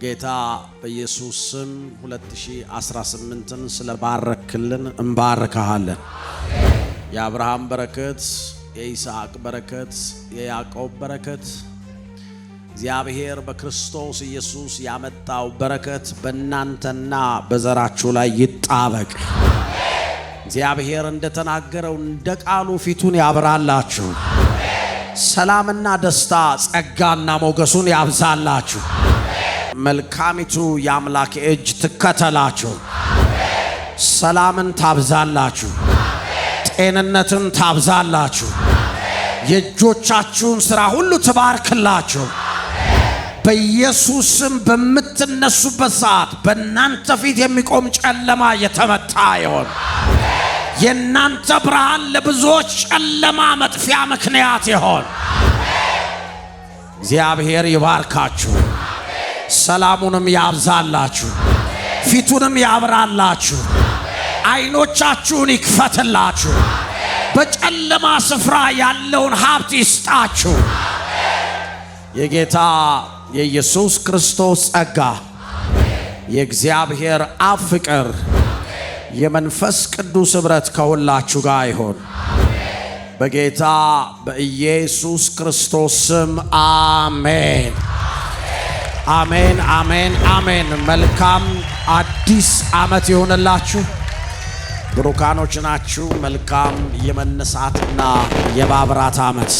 በጌታ በኢየሱስ ስም 2018ን ስለባረክልን እንባርካሃለን። የአብርሃም በረከት፣ የይስሐቅ በረከት፣ የያዕቆብ በረከት እግዚአብሔር በክርስቶስ ኢየሱስ ያመጣው በረከት በእናንተና በዘራችሁ ላይ ይጣበቅ። እግዚአብሔር እንደተናገረው እንደ ቃሉ ፊቱን ያብራላችሁ። ሰላምና ደስታ ጸጋና ሞገሱን ያብዛላችሁ። መልካሚቱ የአምላክ እጅ ትከተላችሁ፣ ሰላምን ታብዛላችሁ፣ ጤንነትን ታብዛላችሁ፣ የእጆቻችሁን ሥራ ሁሉ ትባርክላችሁ። በኢየሱስም በምትነሱበት ሰዓት በእናንተ ፊት የሚቆም ጨለማ የተመታ ይሆን። የእናንተ ብርሃን ለብዙዎች ጨለማ መጥፊያ ምክንያት ይሆን። እግዚአብሔር ይባርካችሁ። ሰላሙንም ያብዛላችሁ፣ ፊቱንም ያብራላችሁ፣ አይኖቻችሁን ይክፈትላችሁ፣ በጨለማ ስፍራ ያለውን ሀብት ይስጣችሁ። የጌታ የኢየሱስ ክርስቶስ ጸጋ፣ የእግዚአብሔር አብ ፍቅር፣ የመንፈስ ቅዱስ ኅብረት ከሁላችሁ ጋር ይሆን። በጌታ በኢየሱስ ክርስቶስ ስም አሜን። አሜን፣ አሜን፣ አሜን። መልካም አዲስ ዓመት የሆነላችሁ ብሩካኖች ናችሁ። መልካም የመነሳትና የማብራት ዓመት